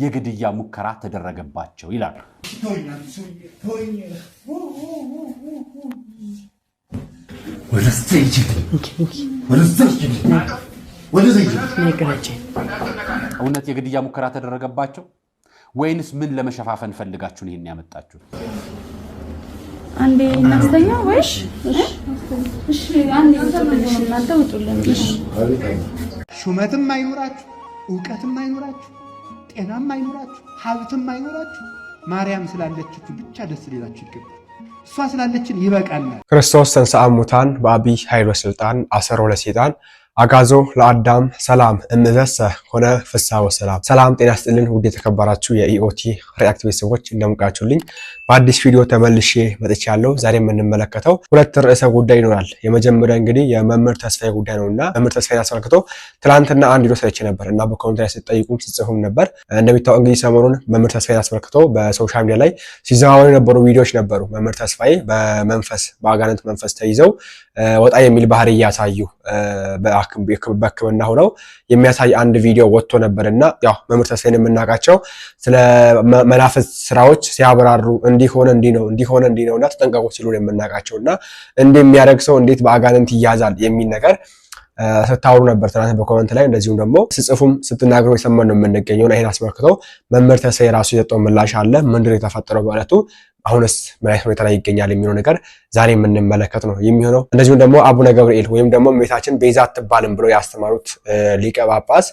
የግድያ ሙከራ ተደረገባቸው ይላል። እውነት የግድያ ሙከራ ተደረገባቸው ወይንስ ምን ለመሸፋፈን ፈልጋችሁን ይህን ያመጣችሁ? ሹመትም አይኖራችሁ እውቀትም አይኖራችሁ ጤናም አይኖራችሁ፣ ሀብትም አይኖራችሁ። ማርያም ስላለችችሁ ብቻ ደስ ሊላችሁ ይገባል። እሷ ስላለችን ይበቃል። ክርስቶስ ተንሥአ እሙታን በአቢይ ኃይል ወሥልጣን አሰሮ ለሰይጣን አጋዞ ለአዳም ሰላም እምዘሰ ሆነ ፍሳው ሰላም ሰላም ጤና ስጥልን ውድ የተከበራችሁ የኢኦቲ ሪአክት ቤተሰቦች እንደምቃችሁልኝ፣ በአዲስ ቪዲዮ ተመልሼ መጥቻለሁ። ዛሬ የምንመለከተው ሁለት ርዕሰ ጉዳይ ይኖራል። የመጀመሪያ እንግዲህ የመምህር ተስፋዬ ጉዳይ ነው እና መምህር ተስፋዬን አስመልክቶ ትናንትና አንድ ቪዲዮ ሰርቼ ነበር እና በኮሜንት ላይ ስትጠይቁም ስትጽፉም ነበር። እንደሚታወቅ እንግዲህ ሰሞኑን መምህር ተስፋዬን አስመልክቶ በሶሻል ሚዲያ ላይ ሲዘዋወሩ የነበሩ ቪዲዮዎች ነበሩ። መምህር ተስፋዬ በመንፈስ በአጋንንት መንፈስ ተይዘው ወጣ የሚል ባህሪ እያሳዩ በሕክምና ሆነው የሚያሳይ አንድ ቪዲዮ ወጥቶ ነበር እና ያው መምህር ተስፋዬን የምናውቃቸው ስለ መናፍስት ስራዎች ሲያብራሩ እንዲሆነ እንዲህ ነው እንዲሆነ እንዲህ ነው እና ተጠንቀቁ ሲሉ የምናውቃቸው እና እንዲህ የሚያደርግ ሰው እንዴት በአጋንንት ይያዛል የሚል ነገር ስታወሩ ነበር ትናንት በኮመንት ላይ። እንደዚሁም ደግሞ ስጽፉም ስትናገሩ የሰማን ነው የምንገኘው። ይሄን አስመልክቶ መምህር ተስፋዬ ራሱ የሰጠው ምላሽ አለ። ምንድን ነው የተፈጠረው በእለቱ አሁንስ ምን አይነት ሁኔታ ላይ ይገኛል የሚለው ነገር ዛሬ የምንመለከት ነው የሚሆነው። እንደዚሁም ደግሞ አቡነ ገብርኤል ወይም ደግሞ እመቤታችን ቤዛ አትባልም ብለው ያስተማሩት ሊቀ ጳጳስ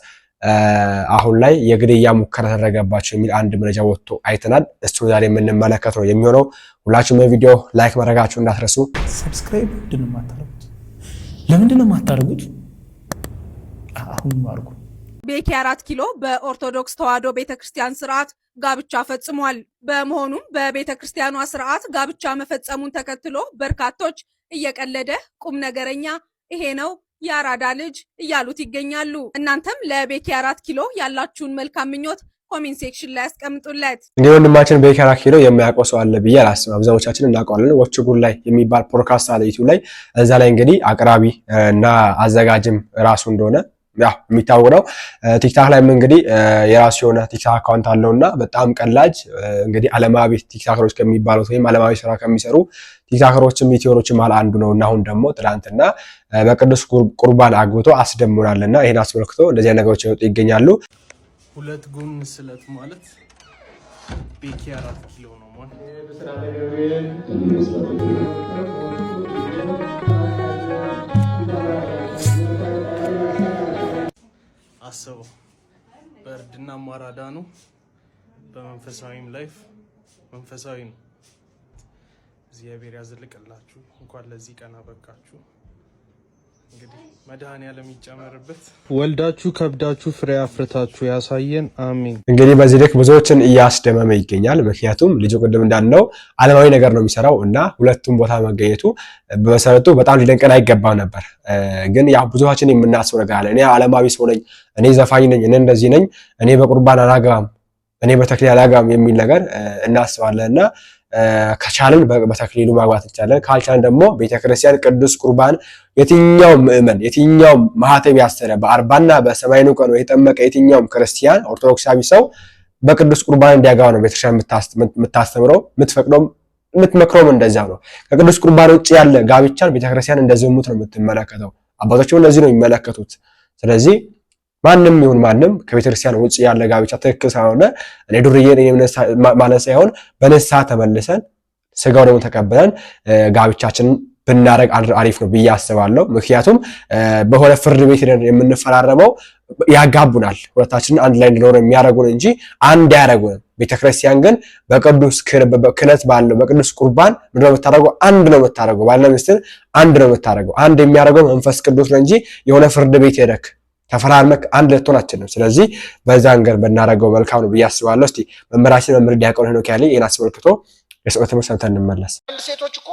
አሁን ላይ የግድያ ሙከራ ተደረገባቸው የሚል አንድ መረጃ ወጥቶ አይተናል። እሱ ዛሬ የምንመለከት ነው የሚሆነው። ሁላችሁም ቪዲዮ ላይክ ማድረጋችሁ እንዳትረሱ። ሰብስክራይብ ምንድን ነው የማታደርጉት? ለምንድን ነው የማታደርጉት? አሁን አድርጉ። ቤኪ አራት ኪሎ በኦርቶዶክስ ተዋሕዶ ቤተ ክርስቲያን ስርዓት ጋብቻ ፈጽሟል። በመሆኑም በቤተ ክርስቲያኗ ስርዓት ጋብቻ መፈጸሙን ተከትሎ በርካቶች እየቀለደ ቁም ነገረኛ ይሄ ነው የአራዳ ልጅ እያሉት ይገኛሉ። እናንተም ለቤኪ አራት ኪሎ ያላችሁን መልካም ምኞት ኮሜንት ሴክሽን ላይ ያስቀምጡለት። እንግዲህ ወንድማችን ቤኪ አራት ኪሎ የሚያውቀው ሰው አለ ብዬ አላስብም። አብዛኞቻችን እናውቀዋለን። ወች ጉድ ላይ የሚባል ፖድካስት አለ ዩቲዩብ ላይ። እዛ ላይ እንግዲህ አቅራቢ እና አዘጋጅም ራሱ እንደሆነ ያ የሚታወቅ ነው። ቲክታክ ላይም እንግዲህ የራሱ የሆነ ቲክታክ አካውንት አለው እና በጣም ቀላጅ እንግዲህ አለማዊ ቲክታክሮች ከሚባሉት ወይም አለማዊ ስራ ከሚሰሩ ቲክታክሮችም ዩቲዩበሮች መሃል አንዱ ነው እና አሁን ደግሞ ትላንትና በቅዱስ ቁርባን አግብቶ አስደምናል እና ይህን አስመልክቶ እንደዚህ ነገሮች ይወጡ ይገኛሉ። ሁለት ጎን ስለት ማለት ቤኪ አራት ኪሎ ነው ማለት አስበው። በእርድና ማራዳ ነው፣ በመንፈሳዊም ላይፍ መንፈሳዊ ነው። እግዚአብሔር ያዝልቅላችሁ። እንኳን ለዚህ ቀን አበቃችሁ። ወልዳችሁ ከብዳችሁ ፍሬ አፍርታችሁ ያሳየን አሚን። እንግዲህ በዚህ ልክ ብዙዎችን እያስደመመ ይገኛል። ምክንያቱም ልጁ ቅድም እንዳልነው አለማዊ ነገር ነው የሚሰራው እና ሁለቱም ቦታ መገኘቱ በመሰረቱ በጣም ሊደንቀን አይገባም ነበር። ግን ያው ብዙችን የምናስበው ነገር አለ። እኔ አለማዊ ሰው ነኝ፣ እኔ ዘፋኝ ነኝ፣ እኔ እንደዚህ ነኝ፣ እኔ በቁርባን አላገባም፣ እኔ በተክሊል አላገባም የሚል ነገር እናስባለን እና ከቻልን በተክሊሉ ማግባት እንችላለን። ካልቻልን ደግሞ ቤተክርስቲያን ቅዱስ ቁርባን የትኛው ምእመን የትኛው ማህተብ ያሰረ በአርባና በሰማይኑ ቀኑ የተጠመቀ የትኛውም ክርስቲያን ኦርቶዶክሳዊ ሰው በቅዱስ ቁርባን እንዲያገባ ነው ቤተክርስቲያን የምታስተምረው የምትፈቅደው የምትመክረውም እንደዛ ነው። ከቅዱስ ቁርባን ውጭ ያለ ጋብቻን ቤተክርስቲያን እንደ ዝሙት ነው የምትመለከተው። አባቶችም እነዚህ ነው የሚመለከቱት። ስለዚህ ማንም ይሁን ማንም ከቤተክርስቲያን ውጭ ያለ ጋብቻ ትክክል ስላልሆነ እኔ ዱርዬ ማለት ሳይሆን በንስሐ ተመልሰን ስጋው ደግሞ ተቀብለን ጋብቻችን ብናደረግ አሪፍ ነው ብዬ አስባለሁ። ምክንያቱም በሆነ ፍርድ ቤት ሄደን የምንፈራረመው ያጋቡናል፣ ሁለታችንን አንድ ላይ እንድኖር የሚያደረጉን እንጂ አንድ ያደረጉን። ቤተክርስቲያን ግን በቅዱስ ክህነት ባለው በቅዱስ ቁርባን ምንድን ነው የምታደረገው? አንድ ነው የምታደረገው። ባለ ሚስትን አንድ ነው የምታደረገው። አንድ የሚያደረገው መንፈስ ቅዱስ ነው እንጂ የሆነ ፍርድ ቤት ሄደክ ተፈራርመክ አንድ ልትሆን አትችልም። ስለዚህ በዛ ንገር ብናደርገው መልካም ነው ብዬ አስባለሁ። እስቲ መምህራችን መምህር ዲያቆን ሄኖክ ያለ ይህን አስመልክቶ የስበት ትምህርት ሰምተን እንመለስ። ሴቶች እኮ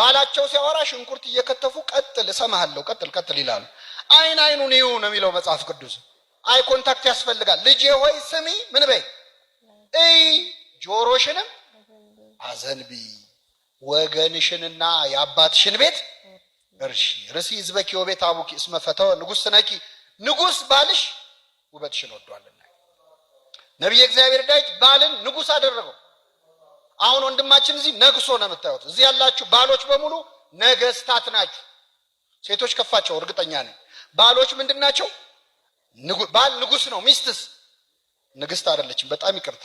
ባላቸው ሲያወራ ሽንኩርት እየከተፉ ቀጥል፣ እሰማሃለሁ፣ ቀጥል፣ ቀጥል ይላሉ። አይን አይኑ ነው የሚለው መጽሐፍ ቅዱስ። አይ ኮንታክት ያስፈልጋል። ልጄ ሆይ ስሚ፣ ምን በይ እይ፣ ጆሮሽንም አዘንቢ፣ ወገንሽንና የአባትሽን ቤት እርሺ። ርሲ ዝበኪዮ ቤት አቡኪ እስመፈተወ ንጉሥ ነኪ ንጉስ ባልሽ ውበትሽን ወዷልና። ነቢይ እግዚአብሔር ዳዊት ባልን ንጉስ አደረገው። አሁን ወንድማችን እዚህ ነግሶ ነው የምታዩት። እዚህ ያላችሁ ባሎች በሙሉ ነገስታት ናችሁ። ሴቶች ከፋቸው እርግጠኛ ነኝ። ባሎች ምንድን ናቸው? ባል ንጉስ ነው። ሚስትስ ንግስት አይደለችም። በጣም ይቅርታ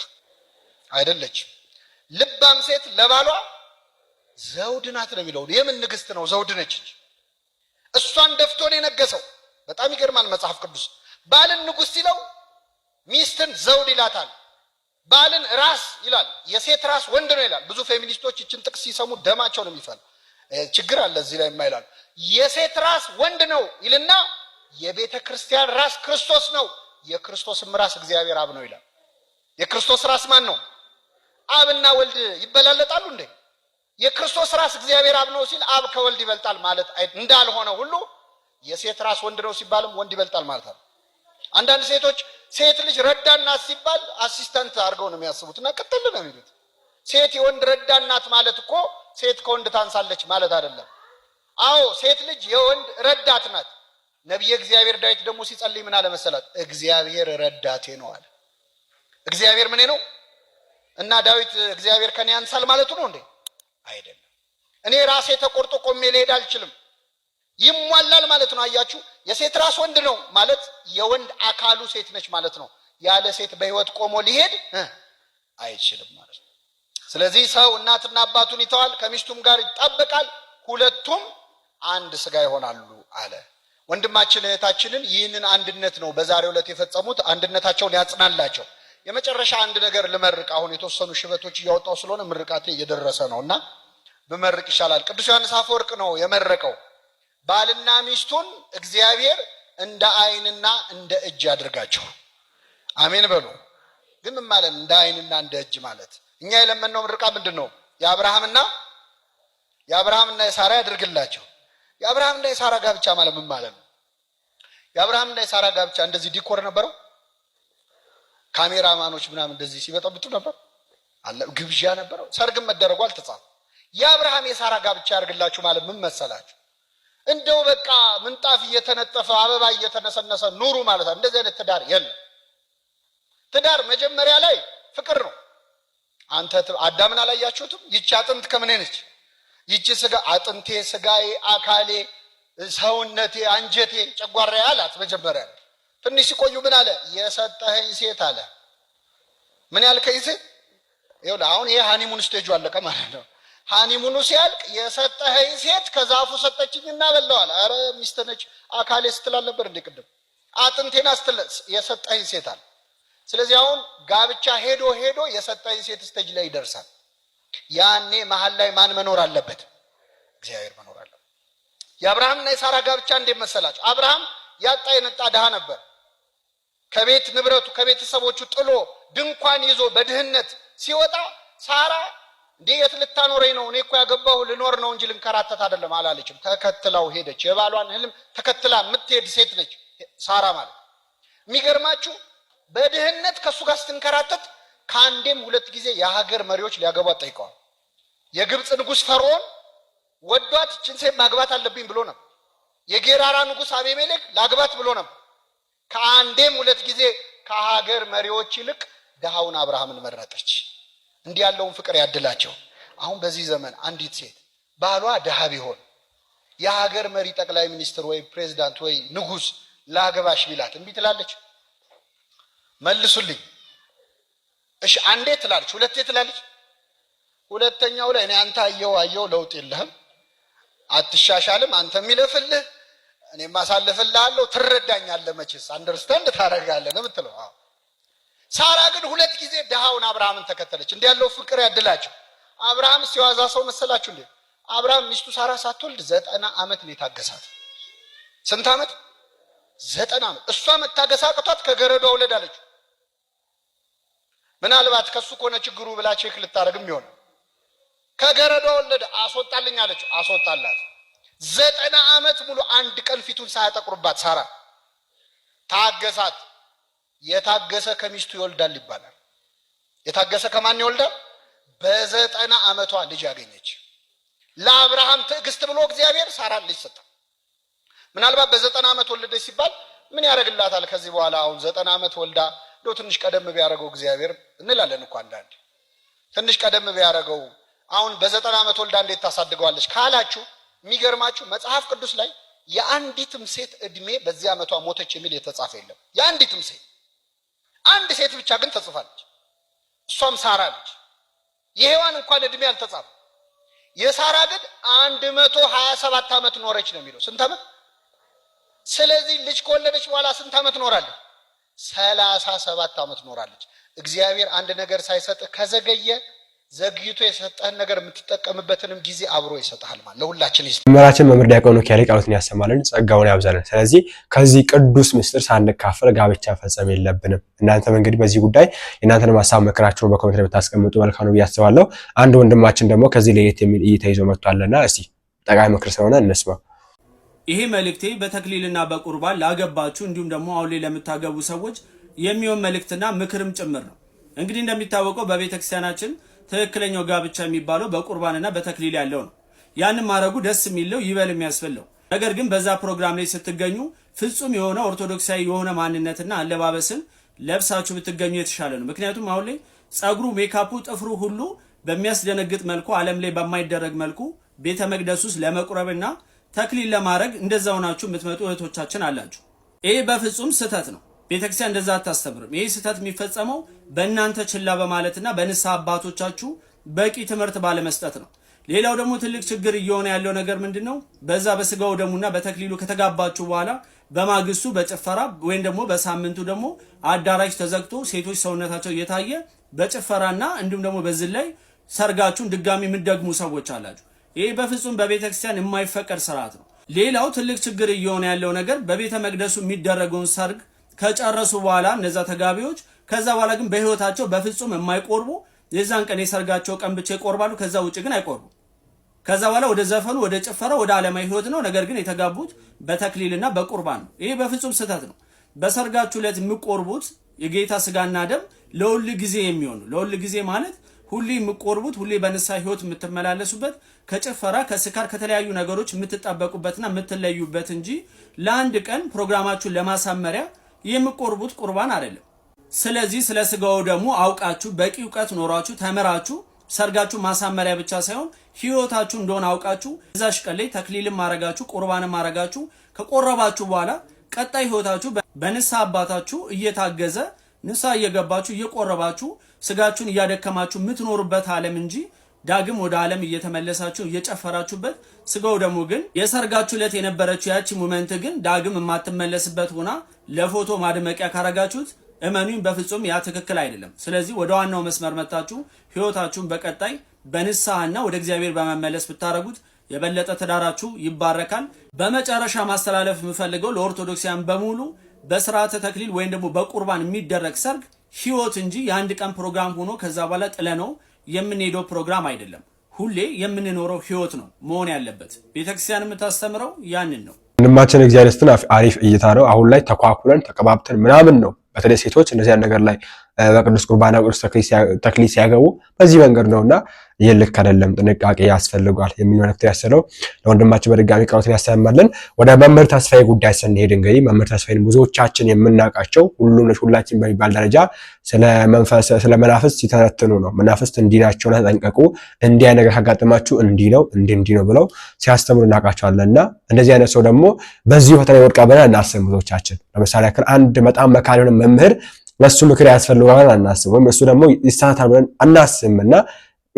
አይደለችም። ልባም ሴት ለባሏ ዘውድ ናት ነው የሚለው። የምን ንግስት ነው? ዘውድ ነች። እሷን ደፍቶ ነው የነገሰው። በጣም ይገርማል መጽሐፍ ቅዱስ። ባልን ንጉሥ ሲለው ሚስትን ዘውድ ይላታል። ባልን ራስ ይላል። የሴት ራስ ወንድ ነው ይላል። ብዙ ፌሚኒስቶች ይችን ጥቅስ ሲሰሙ ደማቸው ነው የሚፈል። ችግር አለ እዚህ ላይ የማይላል። የሴት ራስ ወንድ ነው ይልና የቤተ ክርስቲያን ራስ ክርስቶስ ነው፣ የክርስቶስም ራስ እግዚአብሔር አብ ነው ይላል። የክርስቶስ ራስ ማን ነው? አብና ወልድ ይበላለጣሉ እንዴ? የክርስቶስ ራስ እግዚአብሔር አብ ነው ሲል አብ ከወልድ ይበልጣል ማለት እንዳልሆነ ሁሉ የሴት ራስ ወንድ ነው ሲባልም ወንድ ይበልጣል ማለት ነው። አንዳንድ ሴቶች ሴት ልጅ ረዳናት ሲባል አሲስታንት አድርገው ነው የሚያስቡት እና ቅጥል ነው የሚሉት። ሴት የወንድ ረዳናት ማለት እኮ ሴት ከወንድ ታንሳለች ማለት አይደለም። አዎ ሴት ልጅ የወንድ ረዳት ናት። ነቢየ እግዚአብሔር ዳዊት ደግሞ ሲጸልይ ምን አለ መሰላት? እግዚአብሔር ረዳቴ ነው አለ። እግዚአብሔር ምኔ ነው እና ዳዊት እግዚአብሔር ከኔ ያንሳል ማለቱ ነው እንዴ? አይደለም። እኔ ራሴ ተቆርጦ ቆሜ ልሄድ አልችልም። ይሟላል ማለት ነው። አያችሁ፣ የሴት ራስ ወንድ ነው ማለት የወንድ አካሉ ሴት ነች ማለት ነው። ያለ ሴት በህይወት ቆሞ ሊሄድ አይችልም ማለት ነው። ስለዚህ ሰው እናትና አባቱን ይተዋል፣ ከሚስቱም ጋር ይጣበቃል፣ ሁለቱም አንድ ስጋ ይሆናሉ አለ። ወንድማችን እህታችንን ይህንን አንድነት ነው በዛሬው ዕለት የፈጸሙት። አንድነታቸውን ያጽናላቸው። የመጨረሻ አንድ ነገር ልመርቅ። አሁን የተወሰኑ ሽበቶች እያወጣው ስለሆነ ምርቃቴ እየደረሰ ነው እና ብመርቅ ይሻላል። ቅዱስ ዮሐንስ አፈወርቅ ነው የመረቀው ባልና ሚስቱን እግዚአብሔር እንደ አይንና እንደ እጅ አድርጋቸው። አሜን በሉ። ግን ምን ማለት እንደ አይንና እንደ እጅ ማለት እኛ የለመነው ምርቃ ምንድን ነው? የአብርሃምና የአብርሃምና የሳራ ያድርግላቸው። የአብርሃምና የሳራ ጋብቻ ማለት ምን ማለት ነው? የአብርሃምና የሳራ ጋብቻ እንደዚህ ዲኮር ነበረው? ካሜራማኖች ምናምን እንደዚህ ሲበጠብጡ ነበር? አለ ግብዣ ነበረው? ሰርግም መደረጉ አልተጻፈም። የአብርሃም የሳራ ጋብቻ ያድርግላችሁ ማለት ምን መሰላችሁ? እንደው በቃ ምንጣፍ እየተነጠፈ አበባ እየተነሰነሰ ኑሩ ማለት ነው። እንደዚህ አይነት ትዳር የለ። ትዳር መጀመሪያ ላይ ፍቅር ነው። አንተ አዳምን አላያችሁትም? ይቺ አጥንት ከምን ነች? ይቺ ስጋ አጥንቴ፣ ስጋዬ፣ አካሌ፣ ሰውነቴ፣ አንጀቴ፣ ጨጓራ አላት። መጀመሪያ ትንሽ ሲቆዩ ምን አለ? የሰጠኸኝ ሴት አለ። ምን ያልከኝ ሴት? ይኸውልህ አሁን ይሄ ሃኒሙን ስቴጁ አለቀ ማለት ነው። ሃኒሙኑ ሲያልቅ የሰጠኸኝ ሴት ከዛፉ ሰጠችኝ እና በለዋል። አረ ሚስት ነች አካሌ ስትላል ነበር እንደ ቅድም አጥንቴን አስትለጽ የሰጠኝ ሴት አለ። ስለዚህ አሁን ጋብቻ ሄዶ ሄዶ የሰጠኝ ሴት ስተጅ ላይ ይደርሳል። ያኔ መሀል ላይ ማን መኖር አለበት? እግዚአብሔር መኖር አለበት። የአብርሃምና የሳራ ጋብቻ እንዴት መሰላችሁ? አብርሃም ያጣ የነጣ ድሃ ነበር። ከቤት ንብረቱ ከቤተሰቦቹ ጥሎ ድንኳን ይዞ በድህነት ሲወጣ ሳራ እንዴ የት ልታኖረኝ ነው? እኔ እኮ ያገባሁ ልኖር ነው እንጂ ልንከራተት አይደለም አላለችም። ተከትላው ሄደች። የባሏን ህልም ተከትላ የምትሄድ ሴት ነች ሳራ ማለት። የሚገርማችሁ በድህነት ከእሱ ጋር ስትንከራተት ከአንዴም ሁለት ጊዜ የሀገር መሪዎች ሊያገቧት ጠይቀዋል። የግብፅ ንጉሥ ፈርዖን ወዷት ችንሴ ማግባት አለብኝ ብሎ ነበር። የጌራራ ንጉሥ አቤሜሌክ ላግባት ብሎ ነበር። ከአንዴም ሁለት ጊዜ ከሀገር መሪዎች ይልቅ ድሃውን አብርሃምን መረጠች። እንዲህ ያለውን ፍቅር ያድላቸው። አሁን በዚህ ዘመን አንዲት ሴት ባሏ ድሃ ቢሆን የሀገር መሪ ጠቅላይ ሚኒስትር ወይ ፕሬዚዳንት ወይ ንጉስ ላገባሽ ቢላት እምቢ ትላለች? መልሱልኝ። እሺ አንዴ ትላለች፣ ሁለቴ ትላለች። ሁለተኛው ላይ እኔ አንተ አየው አየው ለውጥ የለህም አትሻሻልም፣ አንተ የሚለፍልህ እኔ ማሳልፍልሃለሁ፣ ትረዳኛለህ፣ መችስ አንደርስታንድ ታደርጋለህ ነው የምትለው። ሳራ ግን ሁለት ጊዜ ድሃውን አብርሃምን ተከተለች። እንዲ ያለው ፍቅር ያድላቸው። አብርሃም ሲዋዛ ሰው መሰላችሁ እንዴ? አብርሃም ሚስቱ ሳራ ሳትወልድ ዘጠና ዓመት ነው የታገሳት። ስንት ዓመት? ዘጠና ዓመት። እሷ መታገሳ አቅቷት ከገረዷ ውለድ አለችው። ምናልባት ከሱ ከሆነ ችግሩ ብላ ቼክ ልታደርግም ይሆን። ከገረዷ ወለደ። አስወጣልኝ አለችው። አስወጣላት። ዘጠና ዓመት ሙሉ አንድ ቀን ፊቱን ሳያጠቁርባት ሳራ ታገሳት። የታገሰ ከሚስቱ ይወልዳል ይባላል። የታገሰ ከማን ይወልዳል? በዘጠና ዓመቷ ልጅ ያገኘች ለአብርሃም ትዕግስት ብሎ እግዚአብሔር ሳራን ልጅ ሰጠ። ምናልባት በዘጠና ዓመት ወልደች ሲባል ምን ያደርግላታል? ከዚህ በኋላ አሁን ዘጠና ዓመት ወልዳ ዶ ትንሽ ቀደም ቢያደርገው እግዚአብሔር እንላለን እኮ አንዳንድ ትንሽ ቀደም ቢያደርገው አሁን በዘጠና ዓመት ወልዳ እንዴት ታሳድገዋለች ካላችሁ የሚገርማችሁ መጽሐፍ ቅዱስ ላይ የአንዲትም ሴት እድሜ በዚህ ዓመቷ ሞተች የሚል የተጻፈ የለም። የአንዲትም ሴት አንድ ሴት ብቻ ግን ተጽፋለች። እሷም ሳራ ነች። የሔዋን እንኳን እድሜ አልተጻፈ። የሳራ ግን አንድ መቶ ሀያ ሰባት ዓመት ኖረች ነው የሚለው። ስንት ዓመት? ስለዚህ ልጅ ከወለደች በኋላ ስንት ዓመት ኖራለች? ሰላሳ ሰባት ዓመት ኖራለች። እግዚአብሔር አንድ ነገር ሳይሰጥ? ከዘገየ ዘግይቶ የሰጠህን ነገር የምትጠቀምበትንም ጊዜ አብሮ ይሰጥሃል ማለት ለሁላችን ይስ መምህራችን መምህር ዲያቆን ኪያሬ ቃሉትን ያሰማልን ጸጋውን ያብዛልን። ስለዚህ ከዚህ ቅዱስ ምስጢር ሳንካፈል ጋብቻ ፈጸም የለብንም። እናንተም እንግዲህ በዚህ ጉዳይ የእናንተን ሀሳብ መከራችሁን በኮሜንት ላይ ብታስቀምጡ መልካም ነው ብዬ አስባለሁ። አንድ ወንድማችን ደግሞ ከዚህ ለየት የሚል እይታ ይዞ መጥቷልና እስቲ ጠቃሚ ምክር ስለሆነ እንስማ። ይሄ መልእክቴ በተክሊልና በቁርባን ላገባችሁ እንዲሁም ደግሞ አሁን ላይ ለምታገቡ ሰዎች የሚሆን መልእክትና ምክርም ጭምር ነው። እንግዲህ እንደሚታወቀው በቤተክርስቲያናችን ትክክለኛው ጋብቻ የሚባለው በቁርባንና በተክሊል ያለው ነው። ያንን ማድረጉ ደስ የሚለው ይበል የሚያስፈለው ነገር ግን በዛ ፕሮግራም ላይ ስትገኙ ፍጹም የሆነ ኦርቶዶክሳዊ የሆነ ማንነትና አለባበስን ለብሳችሁ ብትገኙ የተሻለ ነው። ምክንያቱም አሁን ላይ ጸጉሩ፣ ሜካፑ፣ ጥፍሩ ሁሉ በሚያስደነግጥ መልኩ ዓለም ላይ በማይደረግ መልኩ ቤተ መቅደስ ውስጥ ለመቁረብና ተክሊል ለማድረግ እንደዛ ሆናችሁ የምትመጡ እህቶቻችን አላችሁ። ይህ በፍጹም ስህተት ነው። ቤተክርስቲያን እንደዛ አታስተምርም። ይህ ስህተት የሚፈጸመው በእናንተ ችላ በማለትና በንስሐ አባቶቻችሁ በቂ ትምህርት ባለመስጠት ነው። ሌላው ደግሞ ትልቅ ችግር እየሆነ ያለው ነገር ምንድን ነው? በዛ በስጋው ደሙና በተክሊሉ ከተጋባችሁ በኋላ በማግስቱ በጭፈራ ወይም ደግሞ በሳምንቱ ደግሞ አዳራሽ ተዘግቶ ሴቶች ሰውነታቸው እየታየ በጭፈራና እንዲሁም ደግሞ በዚህ ላይ ሰርጋችሁን ድጋሚ የምትደግሙ ሰዎች አላችሁ። ይህ በፍጹም በቤተክርስቲያን የማይፈቀድ ስርዓት ነው። ሌላው ትልቅ ችግር እየሆነ ያለው ነገር በቤተ መቅደሱ የሚደረገውን ሰርግ ከጨረሱ በኋላ እነዛ ተጋቢዎች ከዛ በኋላ ግን በህይወታቸው በፍጹም የማይቆርቡ የዛን ቀን የሰርጋቸው ቀን ብቻ ይቆርባሉ። ከዛ ውጭ ግን አይቆርቡ። ከዛ በኋላ ወደ ዘፈኑ፣ ወደ ጭፈራው፣ ወደ ዓለማዊ ህይወት ነው። ነገር ግን የተጋቡት በተክሊልና በቁርባን ነው። ይሄ በፍጹም ስህተት ነው። በሰርጋችሁ ዕለት የምቆርቡት የጌታ ስጋና ደም ለሁል ጊዜ የሚሆኑ ለሁል ጊዜ ማለት ሁሌ የምቆርቡት ሁሌ በነሳ ህይወት የምትመላለሱበት ከጭፈራ ከስካር ከተለያዩ ነገሮች የምትጠበቁበትና የምትለዩበት እንጂ ለአንድ ቀን ፕሮግራማችሁን ለማሳመሪያ የምቆርቡት ቁርባን አይደለም። ስለዚህ ስለ ስጋው ደግሞ አውቃችሁ በቂ እውቀት ኖሯችሁ ተምራችሁ ሰርጋችሁ ማሳመሪያ ብቻ ሳይሆን ህይወታችሁ እንደሆነ አውቃችሁ እዛሽ ቀን ላይ ተክሊልም ማረጋችሁ ቁርባንም ማረጋችሁ ከቆረባችሁ በኋላ ቀጣይ ህይወታችሁ በንሳ አባታችሁ እየታገዘ ንሳ እየገባችሁ እየቆረባችሁ ስጋችሁን እያደከማችሁ የምትኖሩበት ዓለም እንጂ ዳግም ወደ ዓለም እየተመለሳችሁ እየጨፈራችሁበት ስጋው ደግሞ ግን የሰርጋችሁ ዕለት የነበረችው ያቺ ሙመንት ግን ዳግም የማትመለስበት ሆና ለፎቶ ማድመቂያ ካረጋችሁት እመኑኝ በፍጹም ያ ትክክል አይደለም። ስለዚህ ወደ ዋናው መስመር መታችሁ ህይወታችሁን በቀጣይ በንስሐና ወደ እግዚአብሔር በመመለስ ብታረጉት የበለጠ ትዳራችሁ ይባረካል። በመጨረሻ ማስተላለፍ የምፈልገው ለኦርቶዶክሲያን በሙሉ በስርዓተ ተክሊል ወይም ደግሞ በቁርባን የሚደረግ ሰርግ ህይወት እንጂ የአንድ ቀን ፕሮግራም ሆኖ ከዛ በኋላ ጥለነው የምንሄደው ፕሮግራም አይደለም። ሁሌ የምንኖረው ህይወት ነው መሆን ያለበት። ቤተክርስቲያን የምታስተምረው ያንን ነው። ወንድማችን እግዚአብሔር ይስጥን። አሪፍ እይታ ነው። አሁን ላይ ተኳኩለን ተቀባብተን ምናምን ነው። በተለይ ሴቶች እንደዚህ ነገር ላይ በቅዱስ ቁርባና ቅዱስ ተክሊል ሲያገቡ በዚህ መንገድ ነው እና ይህ ልክ አይደለም፣ ጥንቃቄ ያስፈልጓል የሚል መልእክት ያሰለው ለወንድማችን በድጋሚ ቃሎትን ያሰማለን። ወደ መምህር ተስፋዬ ጉዳይ ስንሄድ እንግዲህ መምህር ተስፋዬን ብዙዎቻችን የምናውቃቸው ሁሉም ሁላችን በሚባል ደረጃ ስለ መናፍስት ሲተነትኑ ነው። መናፍስት እንዲህ ናቸው፣ ተጠንቀቁ፣ እንዲህ አይነት ነገር ካጋጠማችሁ እንዲህ ነው እንዲህ እንዲህ ነው ብለው ሲያስተምሩ እናውቃቸዋለን እና እንደዚህ አይነት ሰው ደግሞ በዚሁ ፈተና ይወድቃል ብለን እናስብ ብዙዎቻችን። ለምሳሌ ያክል አንድ በጣም መካን የሆነ መምህር ለሱ ምክር አናስብ፣ አናስብም፣ እሱ ደግሞ ይሳታል ብለን አናስብም። እና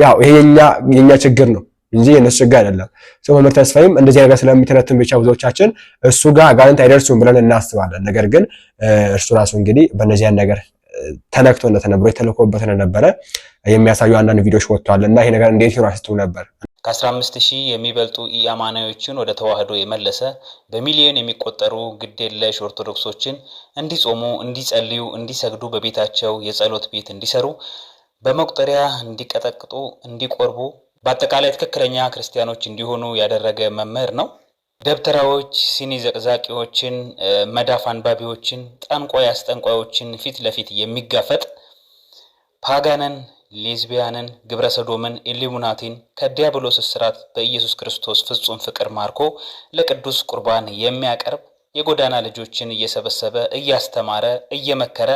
ያው ይሄ የኛ የኛ ችግር ነው እንጂ የነሱ ችግር አይደለም። ሰው መምህር ተስፋዬም እንደዚህ ነገር ስለሚተነትን ብቻ ብዙዎቻችን እሱ ጋር አጋንንት አይደርሱም ብለን እናስባለን። ነገር ግን እርሱ ራሱ እንግዲህ በእነዚያን ነገር ተነክቶ እንደተነብሮ የተልኮበት እንደነበረ የሚያሳዩ አንዳንድ ቪዲዮዎች ወጥተዋል እና ይሄ ነገር እንዴት ይሆናል ስትሉ ነበር። ከ15 ሺህ የሚበልጡ ኢአማናዮችን ወደ ተዋህዶ የመለሰ በሚሊዮን የሚቆጠሩ ግዴለሽ ኦርቶዶክሶችን እንዲጾሙ፣ እንዲጸልዩ፣ እንዲሰግዱ በቤታቸው የጸሎት ቤት እንዲሰሩ በመቁጠሪያ እንዲቀጠቅጡ፣ እንዲቆርቡ በአጠቃላይ ትክክለኛ ክርስቲያኖች እንዲሆኑ ያደረገ መምህር ነው። ደብተራዎች፣ ሲኒ ዘቅዛቂዎችን፣ መዳፍ አንባቢዎችን፣ ጠንቋይ አስጠንቋዮችን ፊት ለፊት የሚጋፈጥ ፓጋንን ሌዝቢያንን፣ ግብረ ሰዶምን፣ ኢሊሙናቲን ከዲያብሎስ እስራት በኢየሱስ ክርስቶስ ፍጹም ፍቅር ማርኮ ለቅዱስ ቁርባን የሚያቀርብ የጎዳና ልጆችን እየሰበሰበ እያስተማረ እየመከረ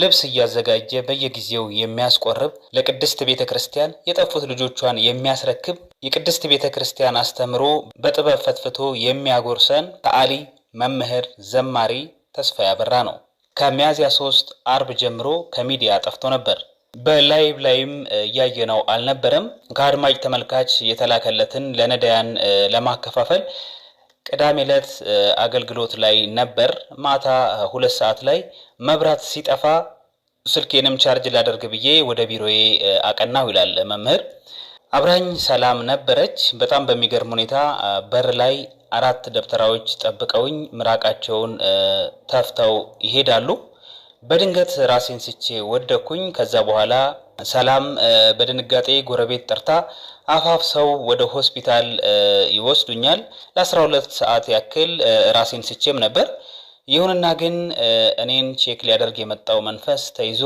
ልብስ እያዘጋጀ በየጊዜው የሚያስቆርብ ለቅድስት ቤተ ክርስቲያን የጠፉት ልጆቿን የሚያስረክብ የቅድስት ቤተ ክርስቲያን አስተምሮ በጥበብ ፈትፍቶ የሚያጎርሰን ተአሊ መምህር ዘማሪ ተስፋ ያበራ ነው። ከሚያዝያ ሶስት አርብ ጀምሮ ከሚዲያ ጠፍቶ ነበር። በላይቭ ላይም እያየ ነው አልነበረም። ከአድማጭ ተመልካች የተላከለትን ለነዳያን ለማከፋፈል ቅዳሜ ዕለት አገልግሎት ላይ ነበር። ማታ ሁለት ሰዓት ላይ መብራት ሲጠፋ ስልኬንም ቻርጅ ላደርግ ብዬ ወደ ቢሮዬ አቀናው ይላል መምህር። አብራኝ ሰላም ነበረች። በጣም በሚገርም ሁኔታ በር ላይ አራት ደብተራዎች ጠብቀውኝ ምራቃቸውን ተፍተው ይሄዳሉ። በድንገት ራሴን ስቼ ወደኩኝ። ከዛ በኋላ ሰላም በድንጋጤ ጎረቤት ጠርታ አፋፍ ሰው ወደ ሆስፒታል ይወስዱኛል። ለ ለ12 ሰዓት ያክል ራሴን ስቼም ነበር። ይሁንና ግን እኔን ቼክ ሊያደርግ የመጣው መንፈስ ተይዞ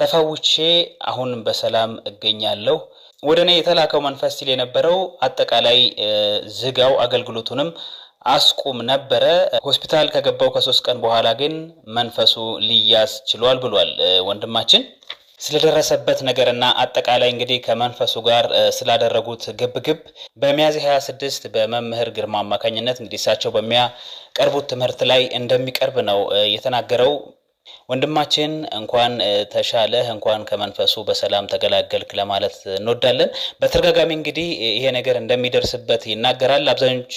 ተፈውቼ አሁን በሰላም እገኛለሁ። ወደ እኔ የተላከው መንፈስ ሲል የነበረው አጠቃላይ ዝጋው አገልግሎቱንም አስቁም ነበረ። ሆስፒታል ከገባው ከሶስት ቀን በኋላ ግን መንፈሱ ሊያዝ ችሏል ብሏል ወንድማችን ስለደረሰበት ነገርና አጠቃላይ እንግዲህ ከመንፈሱ ጋር ስላደረጉት ግብግብ በሚያዝያ 26 በመምህር ግርማ አማካኝነት እንግዲህ እሳቸው በሚያቀርቡት ትምህርት ላይ እንደሚቀርብ ነው የተናገረው። ወንድማችን እንኳን ተሻለህ፣ እንኳን ከመንፈሱ በሰላም ተገላገልክ ለማለት እንወዳለን። በተደጋጋሚ እንግዲህ ይሄ ነገር እንደሚደርስበት ይናገራል አብዛኞች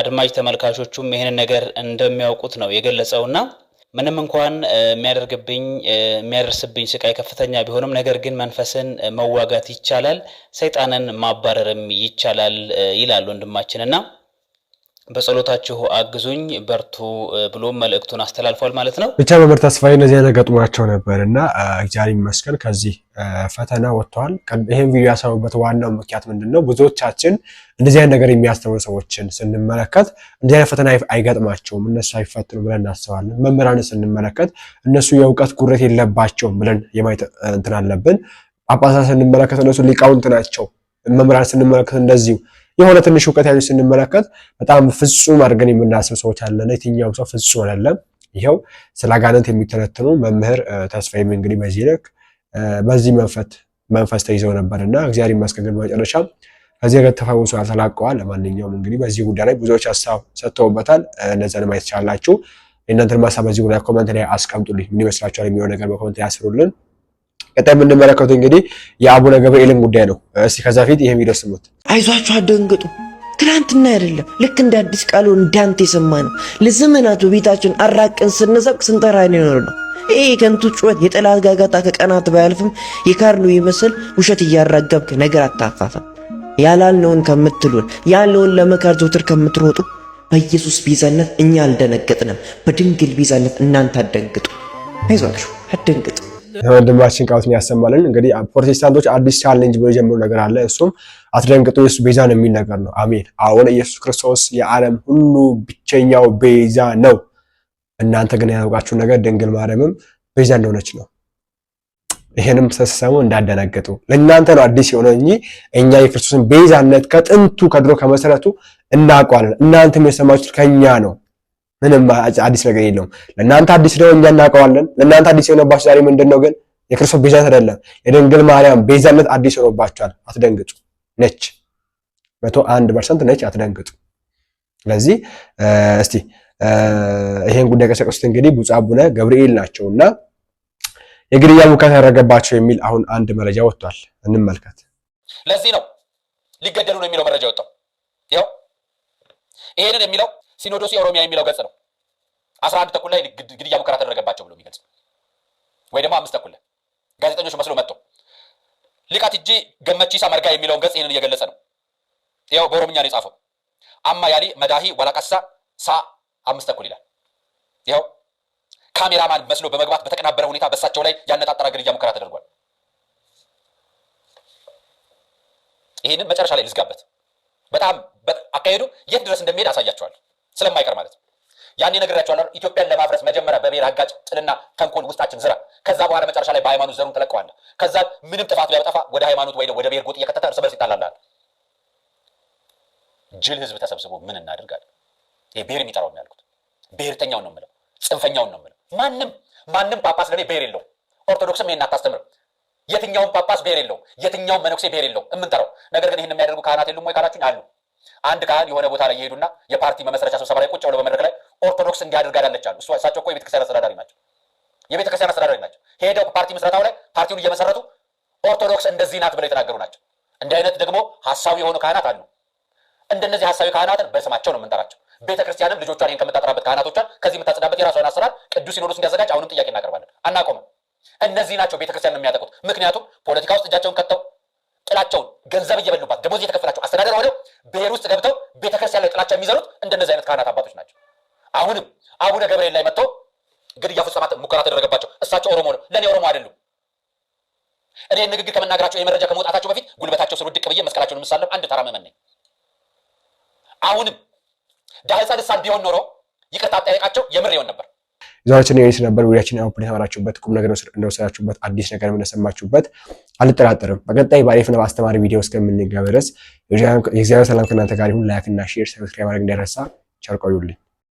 አድማጭ ተመልካቾቹም ይህንን ነገር እንደሚያውቁት ነው የገለጸውና ምንም እንኳን የሚያደርግብኝ የሚያደርስብኝ ስቃይ ከፍተኛ ቢሆንም ነገር ግን መንፈስን መዋጋት ይቻላል፣ ሰይጣንን ማባረርም ይቻላል ይላል ወንድማችንና በጸሎታችሁ አግዙኝ በርቱ ብሎ መልእክቱን አስተላልፏል ማለት ነው። ብቻ መምህር ተስፋዬ እነዚህ ነገር ገጥሟቸው ነበር እና እግዚአብሔር ይመስገን ከዚህ ፈተና ወጥተዋል። ይህም ቪዲዮ ያሳዩበት ዋናው ምክንያት ምንድን ነው? ብዙዎቻችን እንደዚህ አይነት ነገር የሚያስተምሩ ሰዎችን ስንመለከት እንደዚህ አይነት ፈተና አይገጥማቸውም እነሱ አይፈትኑ ብለን እናስባለን። መምህራንን ስንመለከት እነሱ የእውቀት ጉረት የለባቸውም ብለን የማየት እንትን አለብን። ጳጳሳት ስንመለከት እነሱ ሊቃውንት ናቸው። መምህራን ስንመለከት እንደዚሁ የሆነ ትንሽ እውቀት ያሉ ስንመለከት በጣም ፍጹም አድርገን የምናስብ ሰዎች አለና የትኛውም ሰው ፍጹም አይደለም። ይኸው ስለ አጋንንት የሚተነትኑ መምህር ተስፋዬም እንግዲህ በዚህ ልክ በዚህ መንፈት መንፈስ ተይዘው ነበር እና እግዚአብሔር ይመስገን በመጨረሻ ከዚህ ነገር ተፈውሰዋል፣ ተላቀዋል። ለማንኛውም እንግዲህ በዚህ ጉዳይ ላይ ብዙዎች ሀሳብ ሰጥተውበታል። እነዚያን ማየት ትችላላችሁ። የእናንተን ሀሳብ በዚህ ጉዳይ ኮመንት ላይ አስቀምጡልኝ። ምን ይመስላችኋል የሚለው ነገር በኮመንት ላይ አስሩልን። ቀጣይ የምንመለከተው እንግዲህ የአቡነ ገብርኤልን ጉዳይ ነው። እስቲ ከዛ ፊት ይህም ቪዲዮ ስሙት። አይዟችሁ፣ አደንግጡ። ትናንትና አይደለም ልክ እንደ አዲስ ቃሉ እንዳንተ የሰማ ነው። ለዘመናት በቤታችን አራቅን ስንሰብክ ስንጠራ ኖር ነው። ይህ ከንቱ ጩኸት የጠላት ጋጋታ ከቀናት ባያልፍም የካርሉ ይመስል ውሸት እያራገብክ ነገር አታፋፈም። ያላልነውን ከምትሉን ያለውን ለመካር ዘውትር ከምትሮጡ በኢየሱስ ቤዛነት እኛ አልደነገጥንም። በድንግል ቤዛነት እናንተ አደንግጡ። አይዟችሁ፣ አደንግጡ። ወንድማችን ቃሉትን ያሰማልን። እንግዲህ ፕሮቴስታንቶች አዲስ ቻሌንጅ ብሎ የጀመሩ ነገር አለ። እሱም አትደንግጡ የሱ ቤዛ ነው የሚል ነገር ነው። አሜን። አሁን ኢየሱስ ክርስቶስ የዓለም ሁሉ ብቸኛው ቤዛ ነው። እናንተ ግን ያውቃችሁ ነገር ድንግል ማርያምም ቤዛ እንደሆነች ነው። ይሄንም ስትሰሙ እንዳደነግጡ ለእናንተ ነው አዲስ የሆነ እንጂ እኛ የክርስቶስን ቤዛነት ከጥንቱ ከድሮ ከመሰረቱ እናውቀዋለን። እናንተም የሰማችሁት ከኛ ነው። ምንም አዲስ ነገር የለውም። ለእናንተ አዲስ ነው፣ እኛ እናውቀዋለን። ለእናንተ አዲስ የሆነባችሁ ዛሬ ምንድን ነው ግን? የክርስቶስ ቤዛነት አይደለም፣ የድንግል ማርያም ቤዛነት አዲስ ሆኖባችኋል። አትደንግጡ፣ ነች መቶ አንድ ፐርሰንት ነች፣ አትደንግጡ። ስለዚህ እስቲ ይሄን ጉዳይ ከሰቀሱት እንግዲህ ብፁዕ አቡነ ገብርኤል ናቸው እና የግድያ ሙከራ ያደረገባቸው የሚል አሁን አንድ መረጃ ወጥቷል፣ እንመልከት። ለዚህ ነው ሊገደሉ ነው የሚለው መረጃ ወጣው። ይኸው ይሄንን የሚለው ሲኖዶስ የኦሮሚያ የሚለው ገጽ ነው። አስራ አንድ ተኩል ላይ ግድያ ሙከራ ተደረገባቸው ብሎ የሚገልጽ ወይ ደግሞ አምስት ተኩል ጋዜጠኞች መስሎ መጥቶ ሊቃት እጂ ገመቺሳ መርጋ የሚለውን ገጽ ይህንን እየገለጸ ነው። ያው በኦሮምኛ ነው የጻፈው። አማ ያሊ መዳሂ ወላቀሳ ሳ አምስት ተኩል ይላል። ይኸው ካሜራማን መስሎ በመግባት በተቀናበረ ሁኔታ በእሳቸው ላይ ያነጣጠረ ግድያ ሙከራ ተደርጓል። ይህንን መጨረሻ ላይ ልዝጋበት። በጣም አካሄዱ የት ድረስ እንደሚሄድ አሳያቸዋል። ስለማይቀር ማለት ነው። ያኔ ነግሬያቸዋለሁ። ኢትዮጵያን ለማፍረስ መጀመሪያ በብሔር አጋጭ ጥልና ተንኮል ውስጣችን ዝራ፣ ከዛ በኋላ መጨረሻ ላይ በሃይማኖት ዘሩን ትለቀዋለህ። ከዛ ምንም ጥፋት ቢያጠፋ ወደ ሃይማኖት ወይ ወደ ብሔር ጎጥ እየከተተ እርስ በርስ ይጣላላል። ጅል ህዝብ ተሰብስቦ ምን እናድርጋለን? ይሄ ብሔር የሚጠራው የሚያልኩት ብሔርተኛውን ነው የምለው፣ ጽንፈኛውን ነው የምለው። ማንም ማንም ጳጳስ ለእኔ ብሔር የለውም። ኦርቶዶክስም ይሄን አታስተምርም። የትኛውም ጳጳስ ብሔር የለውም። የትኛውም መነኩሴ ብሔር የለውም የምንጠራው ነገር ግን ይህን የሚያደርጉ ካህናት የሉም ወይ ካላችሁኝ አሉ። አንድ ካህን የሆነ ቦታ ላይ የሄዱና የፓርቲ መመስረቻ ስብሰባ ላይ ቁጭ ብለው በመድረክ ላይ ኦርቶዶክስ እንዲያደርግ አዳለች አሉ። እሳቸው እኮ የቤተክርስቲያን አስተዳዳሪ ናቸው። የቤተክርስቲያን አስተዳዳሪ ናቸው። ሄደው ፓርቲ ምስረታው ላይ ፓርቲውን እየመሰረቱ ኦርቶዶክስ እንደዚህ ናት ብለው የተናገሩ ናቸው። እንዲህ አይነት ደግሞ ሀሳዊ የሆኑ ካህናት አሉ። እንደነዚህ ሀሳዊ ካህናትን በስማቸው ነው የምንጠራቸው። ቤተክርስቲያንም ልጆቿን ይህን ከምታጠራበት ካህናቶቿን ከዚህ የምታጽዳበት የራሷን አሰራር ቅዱስ ሲኖዶስ እንዲያዘጋጅ አሁንም ጥያቄ እናቀርባለን። አናቆምም። እነዚህ ናቸው ቤተክርስቲያን የሚያጠቁት። ምክንያቱም ፖለቲካ ውስጥ እጃቸውን ከተው ጥላቸውን ገንዘብ እየበሉባት ደሞዝ ሳለም አንድ ተራ መመን ነኝ። አሁንም ድሀ ሕፃን ልሳን ቢሆን ኖሮ ይቅርታ አጠያየቃቸው የምር ይሆን ነበር። ዛሬችን የኔት ነበር ውያችን ያሁን የተማራችሁበት ቁም ነገር እንደወሰዳችሁበት አዲስ ነገር እንደሰማችሁበት አልጠራጠርም። በቀጣይ በአሪፍና በአስተማሪ ቪዲዮ እስከምንገበረስ የእግዚአብሔር ሰላም ከእናንተ ጋር ይሁን። እና ሼር፣ ሰብስክራይብ ማድረግ እንዳይረሳ። ቸር ቆዩልኝ።